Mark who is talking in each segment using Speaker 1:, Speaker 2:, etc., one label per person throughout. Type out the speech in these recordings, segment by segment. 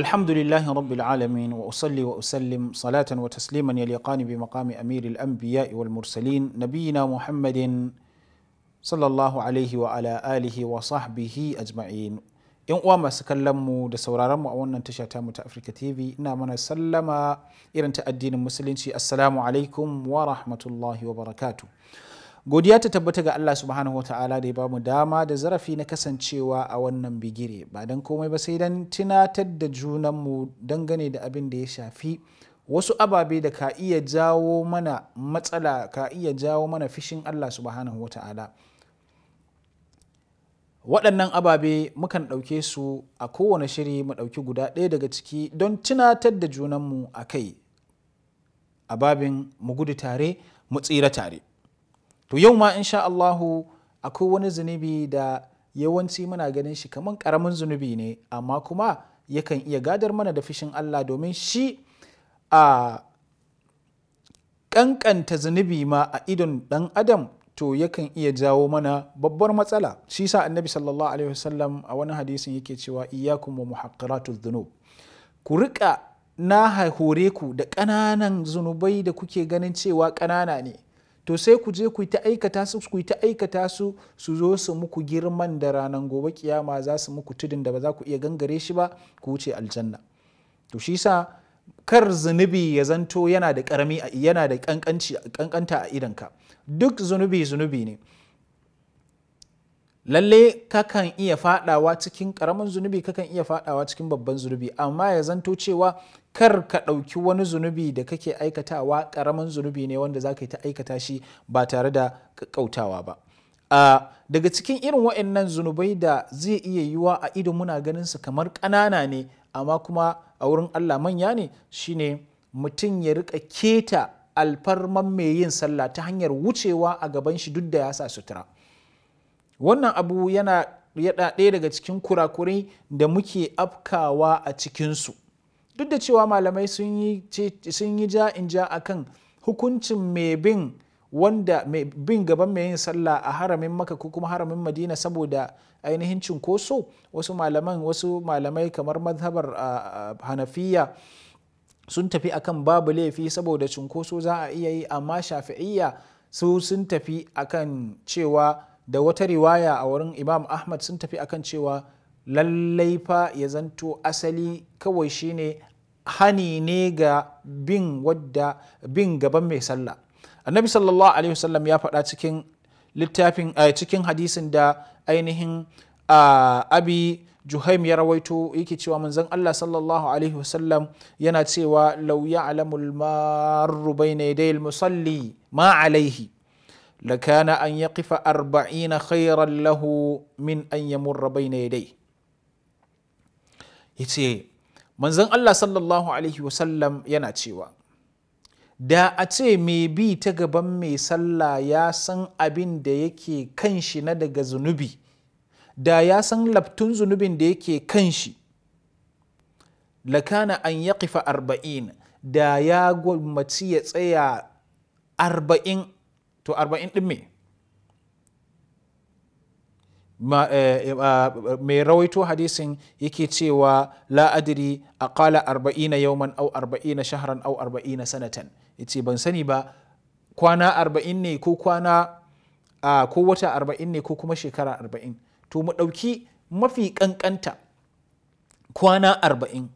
Speaker 1: الحمد لله رب العالمين وأصلي وأسلم صلاة وتسليما يليقان بمقام أمير الأنبياء والمرسلين نبينا محمد صلى الله عليه وعلى آله وصحبه أجمعين إن أوام سكلم دسورا رمو أولا انتشاتا متأفريكا تيفي إنما نسلم إرن تأدين المسلين السلام عليكم ورحمة الله وبركاته godiya ta tabbata ga Allah subhanahu wa ta'ala da ya bamu dama da zarafi na kasancewa a wannan bigire ba dan komai ba sai dan tunatar da junan mu dangane da abin da ya shafi wasu ababe da ka iya jawo mana matsala ka iya jawo mana fishin Allah subhanahu wa ta'ala waɗannan ababe mukan ɗauke su a kowane shiri mu ɗauki guda ɗaya daga ciki don tunatar da junanmu a kai a babin mu gudu tare mu tsira tare to yau ma insha Allahu akwai wani zunubi da yawanci muna ganin shi kamar karamin zunubi ne amma kuma yakan iya gadar mana da fishin Allah domin shi a kankanta zunubi ma a idon dan adam to yakan iya jawo mana babbar matsala shi sa annabi sallallahu alaihi wasallam a wani hadisin yake cewa iyyakum wa muhaqqaratuz dhunub ku rika na hore ku da ƙananan zunubai da kuke ganin cewa ƙanana ne to sai ku je ku yi ta aikata su ku ta aikata su su zo su muku girman da ranar gobe kiyama za su muku tudun da ba za ku iya gangare shi ba ku wuce aljanna to shi sa kar zunubi ya zanto yana da karami yana da kankanta a idanka duk zunubi zunubi ne lalle kakan iya fadawa cikin karamin zunubi kakan iya fadawa cikin babban zunubi amma ya zanto cewa kar ka ɗauki wani zunubi da kake aikatawa karamin zunubi ne wanda za ka yi ta aikata shi ba tare da kautawa ba daga cikin irin waɗannan zunubai da zai iya yiwa a ido muna ganin su kamar ƙanana ne amma kuma a wurin Allah manya ne shine mutum ya rika keta alfarman mai yin sallah ta hanyar wucewa a gaban shi duk da ya sa sutura. wannan abu yana yaɗa ɗaya daga cikin kurakurai da muke afkawa a cikinsu duk da cewa malamai sun yi ja in ja akan hukuncin mai bin wanda mai bin gaban mai yin sallah a haramin maka ko kuma haramin madina saboda ainihin cinkoso wasu malaman wasu malamai kamar mazhabar hanafiya sun tafi akan babu laifi saboda cinkoso za a iya yi amma shafi'iyya su sun tafi akan cewa da wata riwaya a wurin imam ahmad sun tafi akan cewa lallai fa ya zanto asali kawai shine hani ne ga bin wadda bin gaban mai sallah annabi sallallahu alaihi wasallam ya faɗa cikin littafin eh, cikin hadisin da ainihin abi juhaim ya rawaito yake cewa manzon Allah sallallahu alaihi wasallam yana cewa lauya ya'lamul marru bayna musalli ma alaihi lakana an ya kifa arba'ina khairan lahu min an ya murra bai na yadai ya ce manzan Allah sallallahu Alaihi yana cewa da a ce mai bi ta gaban mai sallah ya san abin da yake kanshi na daga zunubi da ya san laftun zunubin da yake kanshi. lakana an ya kifa arba'in da ya gwammaci ya tsaya arba'in to arba'in ɗin me mai eh, eh, ah, rawaito hadisin yake cewa la adiri a kala arba'ina yauman au arba'ina shaharan au arba'ina sanatan yace ban sani ba kwana arba'in ne ko kwana ko wata arba'in ne ko kuma shekara arba'in to mu ɗauki mafi kankanta kwana arba'in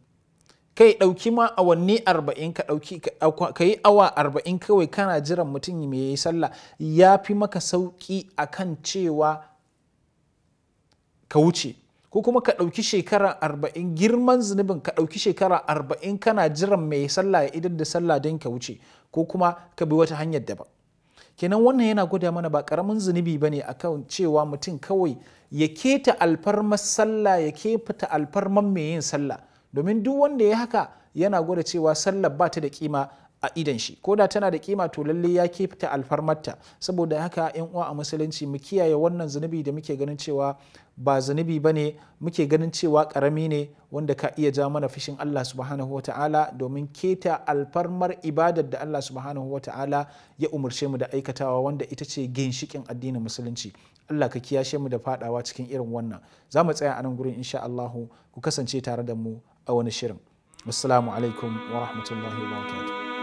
Speaker 1: kai ɗauki ma awanni arba'in ka ɗauki ka yi awa arba'in kawai kana jiran mutum mai yi sallah ya fi maka sauƙi kan cewa ka wuce ko kuma ka ɗauki shekara arba'in girman zunubin ka ɗauki shekara arba'in kana jiran mai sallah ya idan da sallah don ka wuce ko kuma ka bi wata hanyar daban kenan wannan yana gwada mana ba karamin zunubi ba ne akan cewa mutum kawai ya keta alfarmar sallah ya kefata alfarmar mai yin sallah domin duk wanda ya haka yana gwada cewa sallar ba ta da kima a idan shi ko da tana da kima to lalle ya ke kifta alfarmarta saboda haka yan uwa a musulunci mu kiyaye wannan zunubi da muke ganin cewa ba zunubi ba ne muke ganin cewa karami ne wanda ka iya ja mana fishin Allah subhanahu wa ta'ala domin keta alfarmar ibadar da Allah subhanahu wa ta'ala ya umarce mu da aikatawa wanda ita ce ginshikin addinin musulunci Allah ka kiyashe mu da fadawa cikin irin wannan za mu tsaya a nan gurin insha Allahu ku kasance tare da mu أو نشرم والسلام عليكم ورحمة الله وبركاته